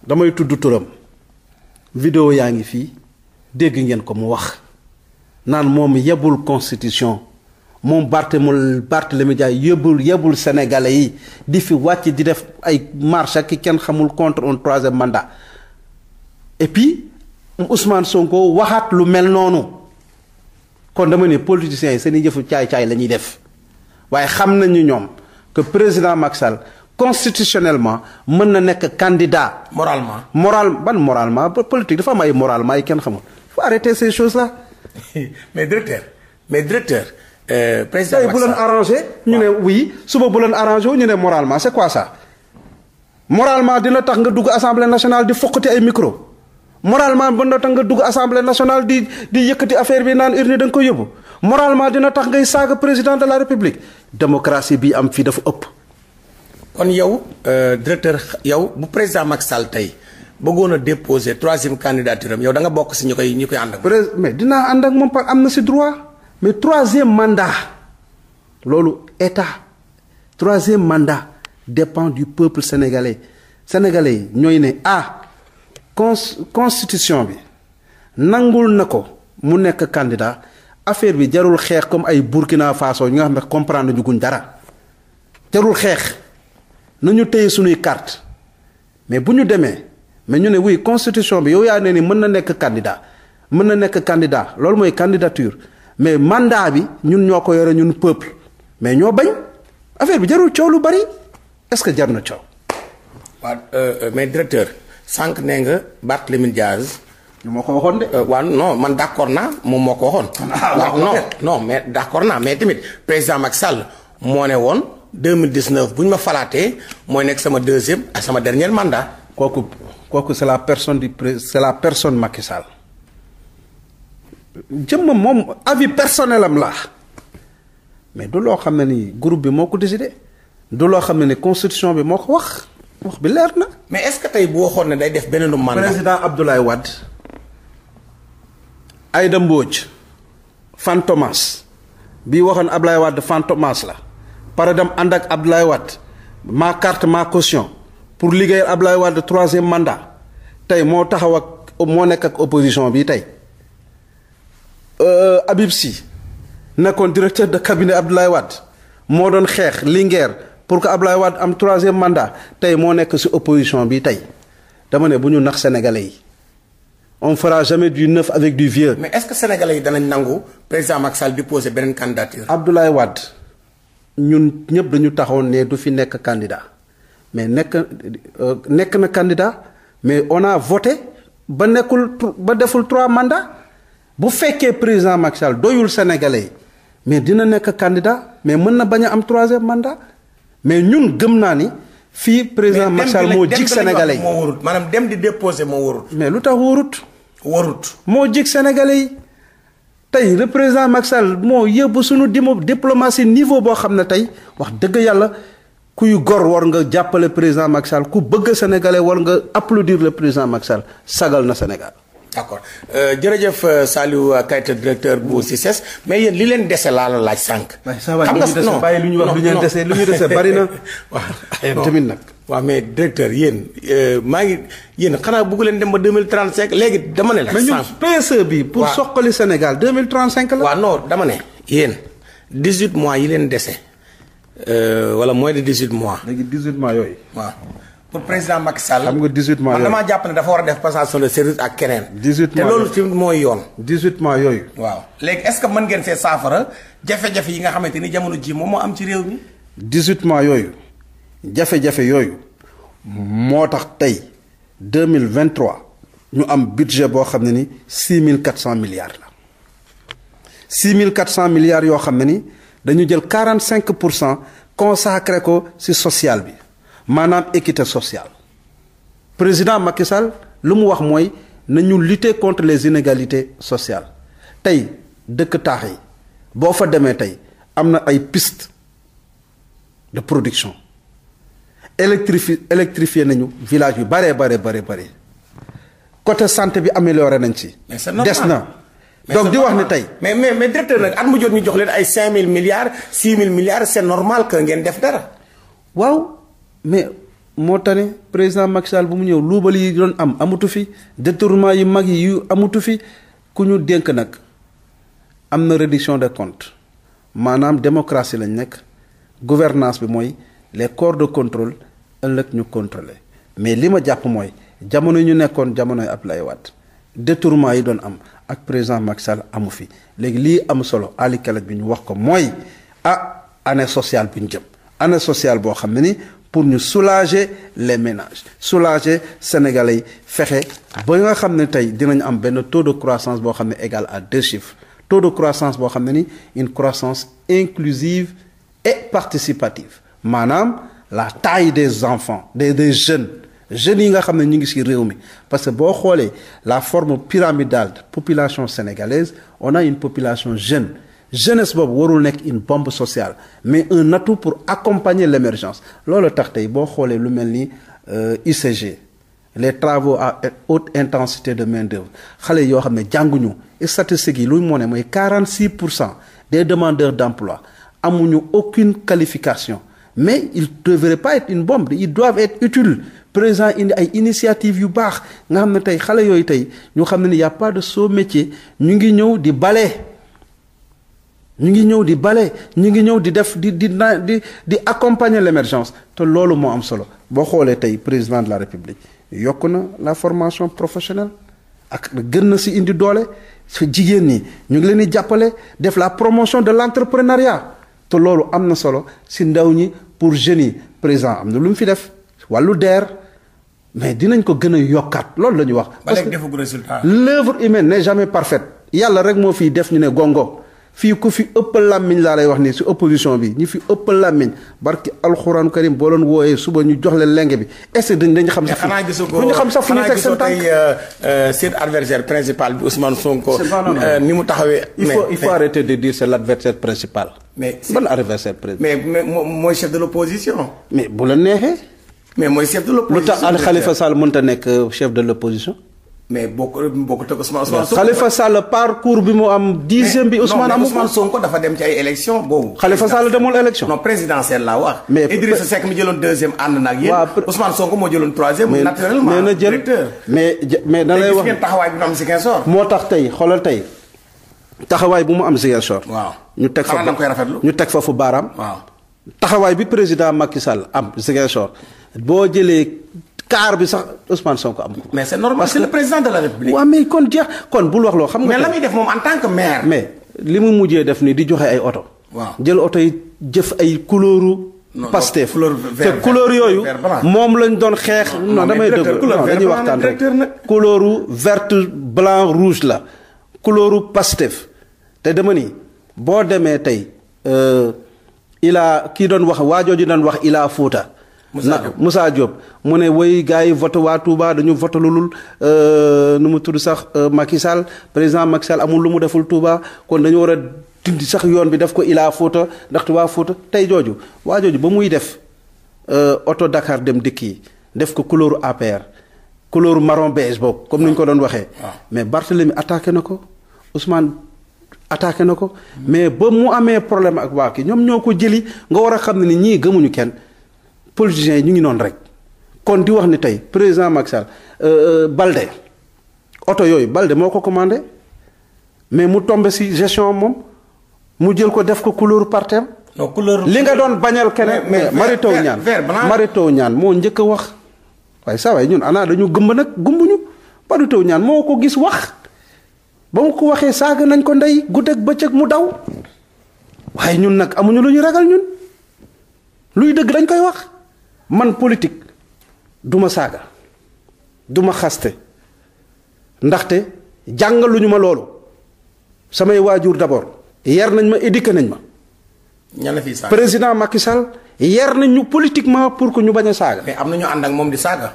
damay tudd turam. vidéo yaa ngi fii dégg ngeen ko mu wax naan moom yebul constitution moom Barthélemy Barthélemy Diaz yebul yebul sénégalais yi di fi wàcc di def ay marche ki kenn xamul contre un troisième mandat. et puis Ousmane Sonko waxaat lu mel noonu kon dama ne politiciens yi seen i jëfu caay-caay la ñuy def waaye xam nañu ñoom que président Macky Sall constitutionnellement mën na nekk kandidaa moralement moral ban moralement politique dafa am ay moralement yi kenn xamul faut arrêter ces choses là. mais directeur mais directeur. Euh, président Macky Sall ñu ne oui suba bu leen arrangé ñu ne moralement c'est quoi ça. moralement dina tax nga dugg assemblée nationale di foqati ay micro moralement mën na tax nga dugg assemblée nationale di di yëkkati affaire bi naan urne da nga ko yóbbu moralement dina tax ngay saaga président de la république démocratie bi am fii dafa ëpp. kon yow euh, directeur yow bu président Macky Sall tey bëggoon a déposer troisième candidature am yow da nga bokk si ñu koy ñu koy ànd ak. mais dinaa ànd ak moom par am na si droit mais troisième mandat loolu etat troisième mandat dépend du peuple sénégalais sénégalais ñooy ne a ah, constitution bi nangul na ko mu nekk candidat affaire bi jarul xeex comme ay Burkina Faso ñi nga xam ne comprendre ñu dara jarul xeex nañu téye suñuy carte mais bu ñu demee mais ñu ne oui constitution bi yow yaa ne ni mën na nekk candidat mën na nekk candidat loolu mooy candidature mais mandat bi ñun ñoo ko yore ñun peuple mais ñoo bañ affaire bi jarul coow lu bari est-ce que jar na coow. waaw euh, euh, mais directeur. sànq nee nga Barthélémy Diaz. moo ko waxoon de. Euh, waaw non man d' accord naa moom moo ko waxoon. Ah, waaw non mais d' naa mais tamit président Macky Sall moo ne woon 2019 bu ñu ma falaatee mooy nekk sama deuxième ak sama dernier mandat. kooku kooku c' la personne du pré c' est la personne Macky Sall. jëmm moom avis personnel am la mais du loo xam ne ni groupe bi moo ko de du loo xam ne ni constitution bi moo ko wax wax bi leer nag mais est-ce que tey boo waxoon ne day def beneen mandat. président Abdoulaye Wade. Aïda Mbodj. Fantomas. bi waxoon Abdoulaye Wade Fantomas la. pare dem ànd ak Abdoulaye Wade. ma carte ma caution. pour liggéeyal Abdoulaye Wade troisième mandat. tey moo taxaw ak moo nekk ak opposition bi tey. Euh, Habib Sy. nekkoon directeur de cabinet Abdoulaye Wade. moo doon xeex Linguère. pour que Ablaye Wade am troisième mandat tey moo nekk ci opposition bi tey dama ne bu ñu nax sénégalais yi on fera jamais du neuf avec du vieux. mais est-ce que sénégalais yi danañ nangu président Macky Sall di poser beneen candidature. Abdoulaye Wade ñun ñëpp dañu taxaw ne du fi nekk candidat mais nekk euh, nekk na candidat mais on a voté ba nekkul ba deful trois mandats bu fekkee président Macky doyul sénégalais yi mais dina nekk candidat mais mën na bañ am troisième mandat. mais ñun gëm naa ni fii président Macky Sall moo jig sénégalais yi moo warut maanaam dem di déposer moo warut. mais lu tax warut. warut moo jig sénégalais yi tey le président Macky moo yóbbu suñu dimo diplomatie niveau boo xam ne tey wax dëgg yàlla kuy gor war nga jàppale président Macky Sall ku bëgg sénégalais war nga applaudir le président Macky sagal na Sénégal. d'accord euh, jërëjëf euh, Saliou euh, Keita directeur bu CICES mais yéen li leen dese laa la laaj sànq. xam nga non lu ñu wax lu ñu dese lu ñu dese bari na. waaw tamit nag. waa mais directeur yéen maa ngi yéen xanaa bëgg leen dem ba deux mille trente cinq léegi dama ne la. mais ñun PSE bi. pour soqali Sénégal deux mille trente cinq la. waaw non dama ne. yéen dix huit mois yi leen dese wala moins de dix huit mois. léegi dix huit mois yooyu waaw. pour président Macky Sall. xam nga 18 mois yooyu man damaa jàpp ne dafa war a def passation de service ak keneen. 18 te loolu ci mooy yoon. 18 mois yooyu. waaw léegi est-ce que mën ngeen see saafara jafe-jafe yi nga xamante ni jamono jii moom moo am ci réew mi. 18 mois yooyu jafe yooyu moo tax tey 2023 ñu am budget boo xam ne ni 6400 milliards la 6400 milliards yoo xam ne ni dañu jël 45 pour cent consacré ko ci social bi. maanaam équité sociale président Macky lu mu wax mooy nañu lutter contre les inégalités sociales tey dëkk taax yi boo fa demee tey am na ay pistes de production électrifi électrifié nañu village yu bare bare bare bare côté santé bi amélioré nañ ci. des na. donc di wax ne tey. mais mais mais directeur nag at mu jot ñu jox leen ay 5000 milliards 6000 milliards c'est normal que ngeen def dara. mais moo tane président Macky bu mu ñëw luubal yi doon am amatu fi détournement yu mag yi yu amatu fi ku ñu dénk nag am na réduction de comptes maanaam démocratie lañ nekk gouvernance bi mooy les corps de contrôle ëllëg ñu contrôler mais li ma jàpp mooy jamono ñu nekkoon jamonoy Abdoulaye Wade détournement yi doon am ak président Macky amu fi léegi lii am solo ali bi ñu wax ko mooy ah année sociale bi ñu jëm année sociale boo xam ne ni pour ñu soulager les ménages soulager sénégalais yi fexe ba nga xam ne tey dinañ am benn taux de croissance boo xam ne égal à deux chiffres taux de croissance boo xam ne ni une croissance inclusive et participative maanaam la taille des enfants des des jeunes jeunes yi nga xam ne ñu ngi si réew mi parce que boo xoolee la forme pyramidale de population sénégalaise on a une population jeune jeunesse boobu warul nekk une bombe sociale mais un atout pour accompagner l' émergence loolu tax tey boo xoolee lu mel ni UCG euh, les travaux à haute intensité de main xale yoo xam ne jànguñu statistiques yi luy moo ne mooy 46 pour cent des demandeurs d' amuñu aucune qualification mais ils devraient pas être une bombe ils doivent être utile présent indi ay initiative yu baax nga xam ne tey xale yooyu tey ñu xam ne ni y' a pas de ñu ngi ñëw di bale ñu ngi ñëw di bale ñu ngi ñëw di def di di di di accompagner l'émergence te loolu moo am solo boo xoolee tey président de la république yokk na la formation professionnelle ak gën na si indi doole su jigéen ñi ñu ngi leen di jàppale def la promotion de l'entrepreneuriat te loolu am na solo si ndaw ñi pour jeunes yi président am na lu mu fi def wàllu DER mais dinañ ko gën a yokkaat loolu la ñu wax. parce que l'œuvre humaine n'est jamais parfaite yàlla rek moo fiy def ñu ne gongo. fii ku fi ëpp làmmiñ laa lay wax nii si opposition bi ñu fi ëpp làmmiñ barki alxuraanu karim boo leen wooyee suba ñu jox leen lenge bi est ce que dañ xam xam sax fu ñu teg seen tànk tey euh, euh, seen adversaire principal bi Ousmane Sonko euh, ni mu taxawee il faut il faut arrêter de dire c'est l'adversaire principal mais ban adversaire principal mais mooy chef de l'opposition mais bu la neexee mais mooy chef de l'opposition lu tax Khalifa Sall mënta nekk chef de l'opposition mais bokk bokk teg Ousmane Sonko. Khalifa Sall parcours bi mu am. dixième bi Ousmane amu Ousmane Sonko dafa dem ci ay élections boobu. Khalifa Sall demul élection. mais moo jëloon troisième. naturellement mais na jël mais mais da lay wax tey gis ngeen am Ziguinchor. moo tax tey xoolal tey taxawaay bi mu am Ziguinchor. waaw ñu teg fa xanaa koy rafetlu ñu teg fa fu baaraam. taxawaay bi président Macky Sall am Ziguinchor boo jëlee. kaar bi sax Ousmane Sonko am ko. mais c'est normal c'est le président de la république. waaw mais kon jeex kon bul wax loo xam nga. mais la muy def moom en tant que maire. mais li mu mujjee def nii di joxe ay oto. waaw jël oto yi jëf ay couleur. Pastef te couleur yooyu moom lañ doon xeex non damay dëgg non dañuy waxtaan rek couleuru verte blanc rouge la couleuru Pastef te dama ni boo demee tey euh, ilaa kii doon wax waajooju doon wax ilaa Fuuta Moussa jóob mu ne woy gars yi vote waa Touba dañu vote lulul euh, nu mu tudd sax euh, Macky Sall président Macky Sall amul lu mu deful Touba kon dañu war a dindi sax yoon bi def ko ilaa Fouta ndaxte waa Fouta tey jooju waa jooju ba muy def euh, oto Dakar dem dikk yi def ko couleur APR couleur marron beige boobu comme ni ko doon waxee. Ah. Ah. mais Barthélemy attaqué na ko Ousmane attaqué na ko. mais ba mu amee problème ak waa ki ñoom ñoo ko jëli nga war a xam ne ni ñii gëmuñu kenn. politiciens yi ñu ngi noonu rek kon di wax ne tey président Macky Sall euh, euh, Balde oto yooyu Balde moo ko commandé mais mu tombe si gestion moom mu jël ko def ko couleur partem li nga doon bañal keneen mais Mary ñaan Niane Mary Teuw Niane moo njëkk a wax waaye saa waay ñun anaa dañu gëmb nag gumbuñu Mary Teuw Niane moo ko gis wax ba mu ko waxee saaga nañ ko ndey guddeeg bëccëg mu daw waaye ñun nag amuñu lu ñuy ragal ñun luy dëgg dañ koy wax man politique duma ma saaga du xaste ndaxte jàngaluñu ma loolu samay waajur d'abord yar nañ ma éduqué nañ ma. ña la fi saaga président Macky Sall yar nañ ñu politiquement pour que ñu bañ a saaga. mais am na ànd ak moom di saaga.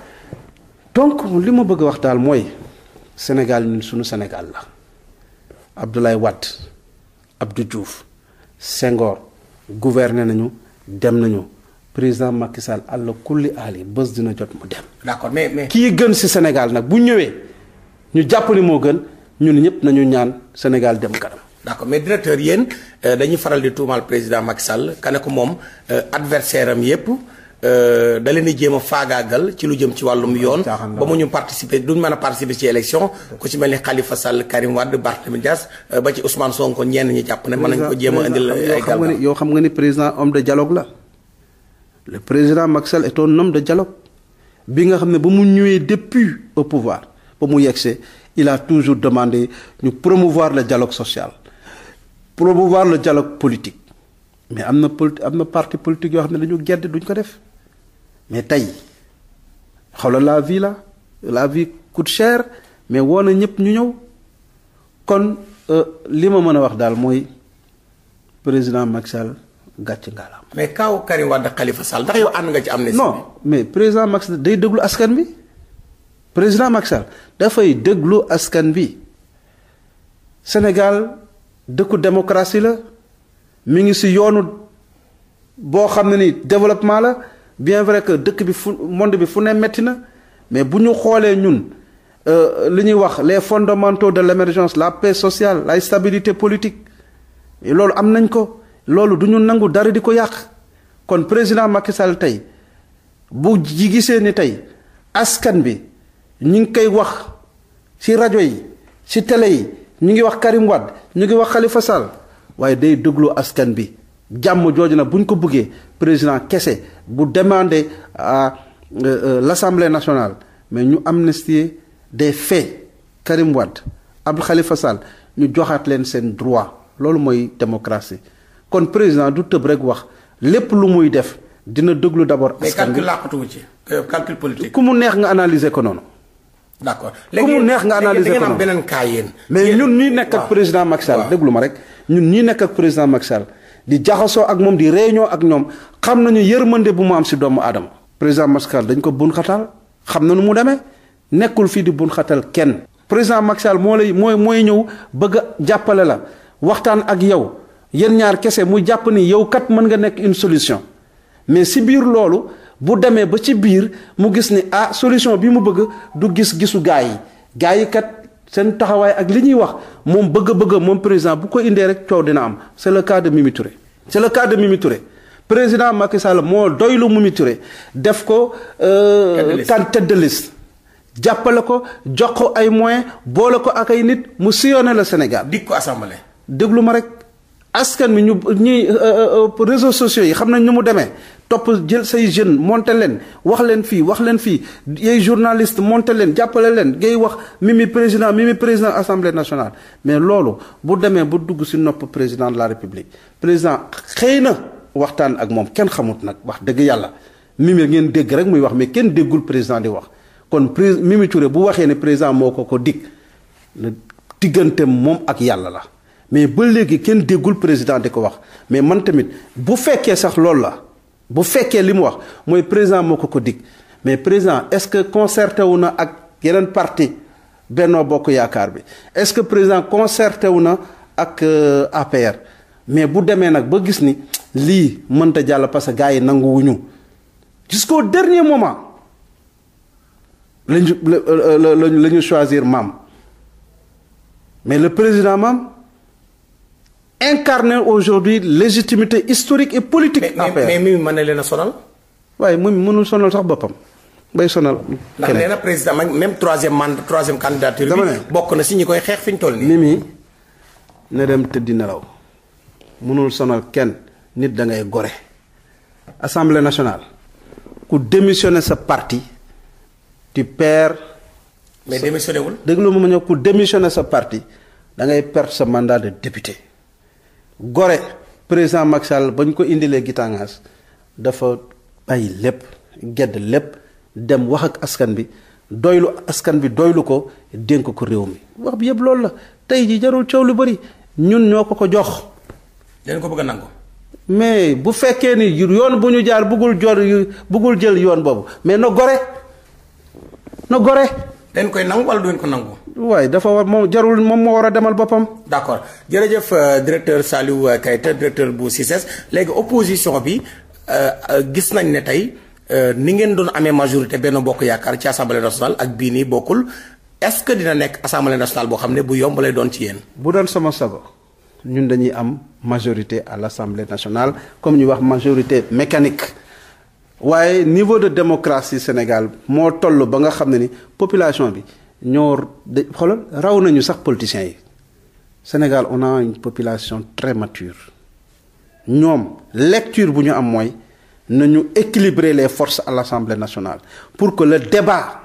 donc li ma bëgg a wax daal mooy Sénégal ñun suñu Sénégal la Abdoulaye Wade abdu Diouf sengoor gouverné nañu dem nañu. président Macky Sall àlla kulli aali bés dina jot mu dem. mais mais. kii gën si Sénégal nag bu ñëwee ñu jàpp ni moo gën ñun ñëpp nañu ñaan Sénégal dem kanam. d'accord mais directeur yéen euh, dañuy faral di tuumaal président Macky Sall ka ne ko moom euh, adversaire am yépp euh, da leen di jéem a faagaagal ci lu jëm ci wàllum yoon. ba mu ñu participer du mën a participer ci élection. ku ci mel ni xalifa Sall Karim Wade Barthélémy Dias ba ci Ousmane Sonko ñenn ñi jàpp ne. mën nañ ko jéem a indil ay gàllankoor yoo xam nga ni président homme de dialogue la. le président Macky Sall est de dialogue bi nga xam ne ba mu ñëwee depuis au pouvoir ba mu yegsee il a toujours demandé ñu promouvoir le dialogue social promouvoir le dialogue politique mais am na politi am na parti politique yoo xam ne dañu gedd duñ ko def mais tey xoolal la vie la la coute coûte cher mais woo na ñëpp ñu ñëw kon euh, li ma mën a wax daal mooy président Macky gàcc ngaalaam. mais kaw Karim Wade Khalifa Sall ndax yow ànd nga ci am amnistie. non mais président Macky Sall day déglu askan bi président Macky dafay déglu askan bi Sénégal dëkku démocratie la mu ngi si yoonu boo xam ne ni développement la bien vrai que dëkk bi fu monde bi fu ne metti na mais bu ñu xoolee ñun. Euh, li ñuy wax les fondamentaux de l'émergence la paix sociale la stabilité politique loolu am nañ ko loolu du ñu nangu dara di ko yàq kon président Macky Sall tey bu ji gisee ni tey askan bi ñu ngi koy wax ci rajo yi ci télé yi ñu ngi wax Karim ñu ngi wax Khalifa Sall waaye day déglu askan bi jàmm jooju nag bu ñu ko buggee président kese bu demandé à euh, euh, l'Assemblée nationale mais ñu amnistier des faits Karim Wade Abdou Khalifa Sall ñu joxaat leen seen droit loolu mooy démocratie kon président du tëb rek wax lépp lu muy def dina déglu d' abord. askan bi mais calcul ci euh, calcul politique. ku mu neex nga analyser ko noonu. d' accord léegi ku mu neex nga analyser ko noonu beneen yéen mais ñun ñuy nekk ak président Macky Sall déglu ma rek ñun ñuy nekk ak président Macky di jaxasoo ak moom di réunion ak ñoom xam nañu yërmande bu mu am si doomu aadama. président Macky Sall dañ ko bun xatal xam na nu mu demee nekkul fii di bun xatal kenn. président Macky Sall moo lay mooy mooy ñëw bëgg a jàppale la waxtaan ak yow. yéen ñaar kese mu jàpp ni yow kat mën nga nekk une solution mais si biir loolu bu demee ba ci biir mu gis ni ah solution bi mu bëgg du gis-gisu gaa yi gaa yi kat seen taxawaay ak li ñuy wax moom bëgg-bëgg moom président bu ko indee rek coow dina am c'est le cas de Mimi Touré. président Macky Sall moo doylu Mimi def ko. kan tête euh, jàppale ko jox ko ay moyen boole ko ak ay nit mu sillonné le Sénégal. dikk ko assemblée. déglu ma rek. askan wi ñu ñuy euh, euh, euh, réseaux sociaux yi xam nañ ni mu demee topp jël say jeunes monter leen wax leen fii wax leen fii yay journaliste monter leen jàppale leen ngay wax mi président Mimi président assemblée nationale. mais loolu bu demee bu dugg si nopp président de la république président xëy na waxtaan ak moom kenn xamut nag wax dëgg yàlla Mimi ngeen dégg rek muy wax mais kenn déggul président di wax kon prés Mimi Touré bu waxee ne président moo ko ko dig diggante moom ak yàlla la. mais ba léegi kenn déggul président di ko wax mais man tamit bu fekkee sax loolu la bu fekkee li mu wax mooy président moo ko ko dig mais président est-ce que concerté wu na ak yeneen parti Benno Bokk Yaakaar bi est-ce que président concerté wu na ak euh, APR mais bu demee nag ba gis ni lii mënta jàll parce que gars yi nanguwuñu jusqu'au dernier moment lañu la euh, euh, la la ñu choisir maam mais le président maam. incarner aujourd'hui légitimité historique et politique. APR mais mais mën na leen a sonal. waaye moom mënul sonal sax boppam bay sonal. ndax nee na président même troisième mandat troisième candidature bi bokk na si ñi koy xeex fi ñu toll nii. Mimi na dem tëddi nelaw mënul sonal kenn nit da ngay gore. assemblée nationale ku démissionner sa parti tu perds. mais démissionné wul. déglu ma ma ñëw ku démissionner sa parti da ngay perdre sa mandat de député. gore président Macky Sall ba ñu ko indilee Gitangaas dafa bàyyi lépp gedd lépp dem wax ak askan bi doylu askan bi doylu ko dénk ko réew mi wax bi yëpp loolu la tey ji jarul coow lu bëri ñun ñoo ko ko jox. leen ko bëgg a nangu. mais bu fekkee ni yoon bu ñu jaar bëggul jor yu jël yoon boobu mais na gore na gore. dañ koy nangu wala du ngeen ko nangu. waaye dafa war moom jarul moom moo war a demal boppam. d' accord jërëjëf euh, directeur Saliou euh, Keita directeur bu CICES léegi opposition bi euh, gis nañ ne tey ni ngeen doon amee majorité benn bokk yaakaar ci assemblée nationale ak bii nii bokkul est ce que dina nekk assemblée nationale boo xam ne bu yomb lay doon ci yéen. bu doon sama sago ñun dañuy am majorité à l' assemblée nationale comme ñu wax majorité mécanique. waaye niveau de démocratie Sénégal moo toll ba nga xam ne ni population bi ñoo de xoolal raw nañu sax politiciens yi Sénégal on a une population très mature ñoom lecture bu ñu am mooy nañu équilibrer les forces à l'Assemblée nationale pour que le débat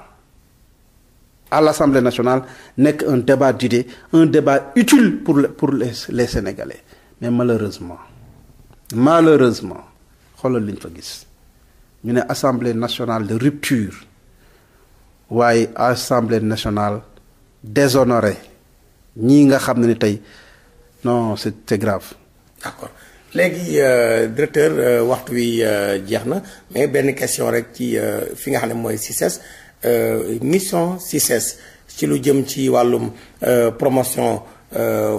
à l'Assemblée nationale nekk un débat d'idées un débat utile pour les pour les les Sénégalais mais malheureusement malheureusement xoolal li ñu fa gis. ñu ne assemblée nationale de rupture waaye assemblée nationale déshonorée ñii nga xam ne ni tey non c'est c'est grave. d'accord léegi euh, directeur euh, waxtu wi euh, jeex na mais benn question rek ci fi nga xam ne mooy CICES mission CICES ci lu jëm ci wàllum promotion.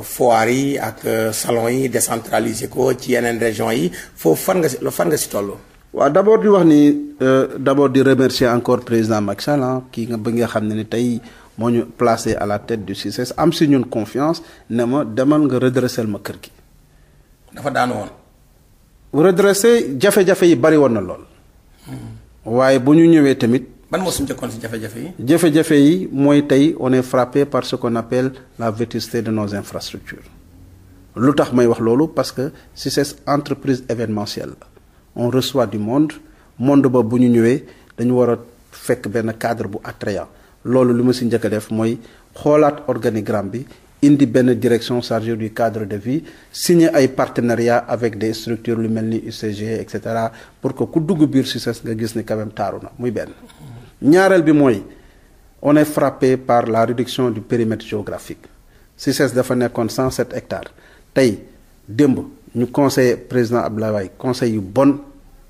foire yi ak salon yi décentralisé ko ci yeneen région yi foo fan nga si fan nga si toll. waa d' abord di wax ni euh, d' abord di remercier encore président mac Sall kii nga ba nga xam ne ni tey moo ñu placé à la tête du CICES am si ñun confiance ne ma demal nga redressel ma kër gi. dafa daanu woon. redressé jafe-jafe yi bari woon na lool. Hmm. waaye bu ñu ñëwee tamit. ban moo suñ jëkkoon si jafe-jafe yi. jafe yi mooy tey on est frappé par ce qu'on appelle la vétusté de nos infrastructures lu tax may wax loolu parce que CICES entreprise événementielle la. on reçoit du monde monde ba bu ñu ñëwee dañu war a fekk benn cadre bu attrayant loolu li ma si njëkk a def mooy xoolaat organigramme bi indi benn direction chargée du cadre de vie signer ay partenariat avec des structures lu mel ni UCG et cetera pour que ku dugg biir succès nga gis ni quand taaru na muy benn. ñaareel bi mooy on est frappé par la réduction du périmètre géographique succès dafa nekkoon 107 hectares tey démb. ñu conseiller président Abdoulaye Wade conseil yu bon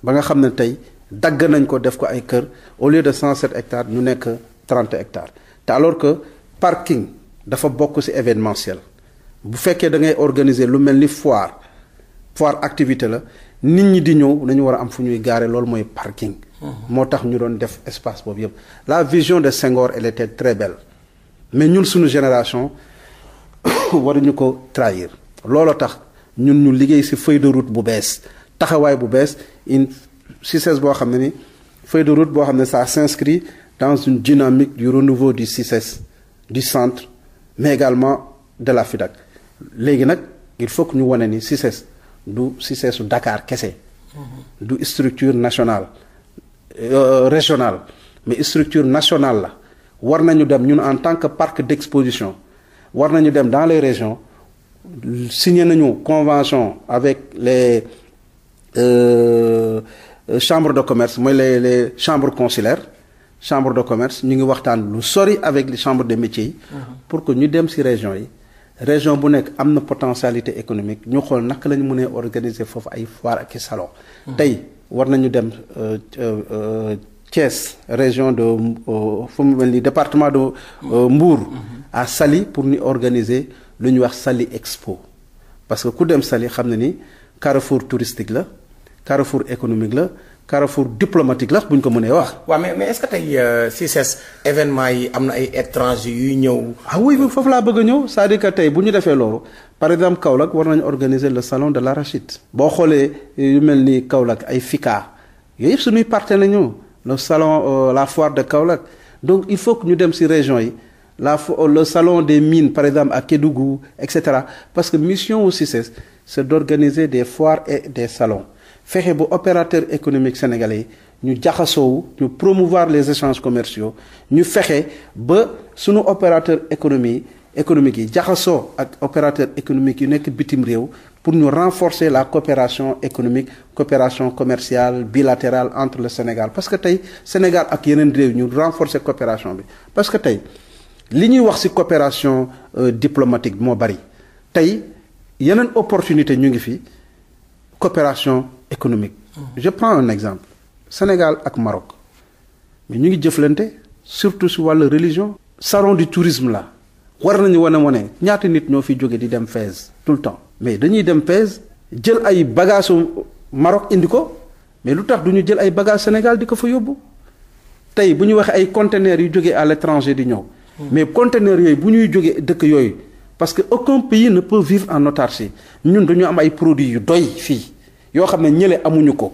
ba nga xam ne tey dagg nañ ko def ko ay kër au lieu de 107 hectares ñu nekk trente hectares te alors que parking dafa bokk ci événementiel bu fekkee da ngay organiser lu mel ni foire foire activité la nit ñi di ñëw nañu war a am fu ñuy gaaree loolu mooy parking. Mmh. moo tax ñu doon def espace boobu yëpp la vision de Senghor elle était très belle mais ñun suñu génération waruñu ko trahir looloo tax. ñun ñu liggéey si feuille de route bu bees taxawaay bu bees une CICES e boo xam ne ni feuille de route boo xam ne ça s'inscrit dans une dynamique du renouveau du CICES e du centre mais également de la FIDAC léegi nag il faut que ñu wane ni CICES e du CICESu Dakar kese mm-hmm. du structure nationale euh, régionale mais structure nationale la war nañu dem ñun en tant que parc d'exposition war nañu dem dans les régions signé nañu convention avec les euh, de commerce mooy les les chambres consulaires chambre de commerce ñu ngi waxtaan lu sori avec les chambres de métiers yi. Mhm. pour que ñu dem ci région yi. région bu nekk am na potentialité économique ñu xool naka lañu ñu mënee organiser foofu ay foire ak i salon. Mhm. tey war nañu dem euh, euh, Thiès région de euh, fu mu mel ni département de Mbour. Mhm. à Saly pour ñu organiser. lu ñuy wax Saly Expo parce que ku dem Saly xam na ni carrefour touristique la carrefour économique la carrefour diplomatique la bu ñu ko mënee wax. waaw mais mais est-ce que tey CICES euh, événement yi am na ay étrangers yuy ñëw. ah oui foofu laa bëgg a ñëw cest à que tey bu ñu defee loolu par exemple Kaolack war nañu organiser le salon de l'arachide. boo xoolee euh, yu mel ni Kaolack ay FICA yooyu yëpp suñuy partenaires ñu le salon euh, la foire de Kaolack donc il faut ñu dem ci région yi. la le salon des mines par exemple à Kédougou et cetera parce que mission aussi c'est c'est d'organiser des foires et des salons fexe ba opérateur économique sénégalais ñu jaxasoowu ñu promouvoir les échanges commerciaux ñu fexe ba sunu opérateur économie économique yi jaxasoo ak opérateur économique yu nekk bitim réew pour ñu renforcer la coopération économique coopération commerciale bilatérale entre le Sénégal parce que tey Sénégal ak yeneen réew ñu renforcer coopération bi parce que tey li ñuy wax ci coopération euh, diplomatique moo bari tey yeneen opportunité ñu ngi fi coopération économique. Mm. je prends un exemple Sénégal ak Maroc mais ñu ngi jëflante surtout ci wàllu religion. saron du tourisme la war nañu wane wane ñaata nit ñoo fi jóge di dem Fès tout le temps mais dañuy dem Fès jël ay bagages Maroc indi ko mais lu tax du ñu jël ay bagages Sénégal di ko fa yóbbu tey bu ñu waxee ay conteneurs yu jógee à l'étranger di ñëw. mais conteneurs yooyu bu ñuy jógee dëkk yooyu parce que aucun pays ne vivre en autarcie ñun dañu am ay produits yu doy fii yoo xam ne ñële amuñu ko.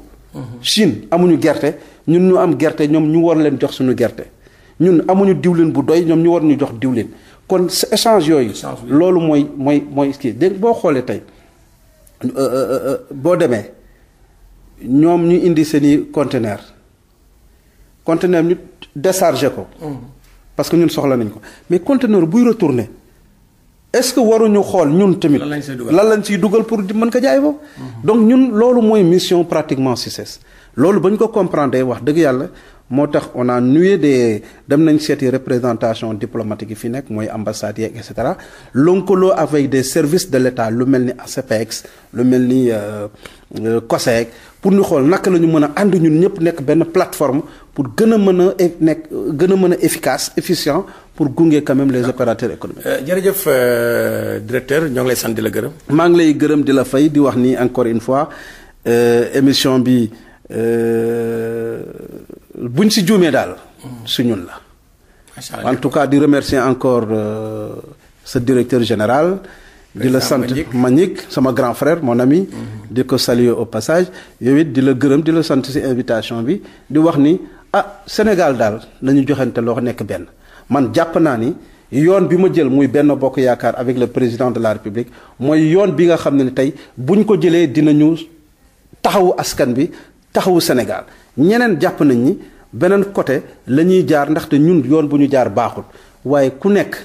Chine amuñu gerte ñun ñu am gerte ñoom ñu war leen jox suñu gerte ñun amuñu diwlin bu doy ñoom ñu war ñu jox diwlin kon échange yooyu. loolu mooy mooy mooy kii dégg boo xoolee tey euh, euh, euh, boo demee ñoom ñu indi seen i conteneur conteneur ñu déchargé ko. Mm-hmm. parce que ñun soxla nañ ko mais conteneur buy retourné est-ce que waruñu xool ñun tamit. lan lañ siy dugal lan lañ siy dugal pour mën ko jaay foofu. Mhm. donc ñun loolu mooy mission pratiquement CICES. loolu ba ñu ko comprendre wax dëgg yàlla moo tax on a nué des dem nañ seeti représentation diplomatique yi fi nekk mooy ambassade yeeg et cetera lëkkaloo avec des services de l' lu mel ni ASEPEX lu mel ni euh, euh, COSEC pour ñu xool naka la ñu mën a ànd ñun ñëpp nekk benn plateforme pour gën a mën a e, nekk gën a mën a efficace efficient pour gunge quand même les ah. opérateurs économiques. Euh, jërëjëf directeur ñoo ngi lay sant di la gërëm. maa ngi lay gërëm di la fay di wax ni encore une fois émission bi. bu ñu si juumee daal. Mm. su ñun la. en tout cas di remercier encore euh, ce directeur général. di la sant Manick sama grand frère mon ami. Mm-hmm. di ko saluer au passage yow it di la gërëm di la sant si invitation bi di wax ni ah Sénégal daal la ñu joxante loo nekk benn man jàpp naa ni. yoon bi ma jël muy benn bokk yaakaar avec le président de la république mooy yoon bi nga xam ne ni tey bu buñ ko jëlee dina dinañu taxawu askan bi taxawu Sénégal ñeneen jàpp nañ ñi beneen côté la ñuy jaar ndaxte ñun yoon bu ñu jaar baaxul waaye ku nekk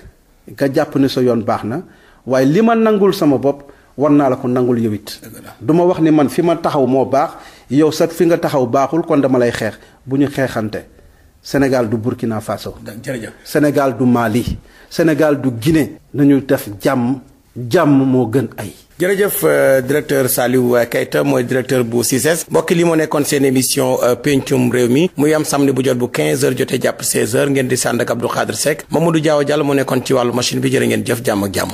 nga jàpp ne sa yoon baax na waaye li ma nangul sama bopp war naa la ko nangul yow it du ma wax ni man fi ma taxaw moo baax yow sat fi nga taxaw baaxul kon dama lay xeex bu ñu xeexante Sénégal du Burkina Faso jërëjëf Sénégal du Mali Sénégal du Guinée nañu def jàmm jàmm moo gën ay jërëjëf euh, directeur Saliou Keita mooy directeur bu CICES mbokk li moo nekkoon seen émission euh, pencum réew mi muy am samedi bu jot bu 15h jotee jàpp 16h ngeen di sànd ak Abdou Khadre Seck Mamadou Diaw Diallo mu nekkoon ci wàllu machine bi jëre ngeen jëf jàmm ak jàmm.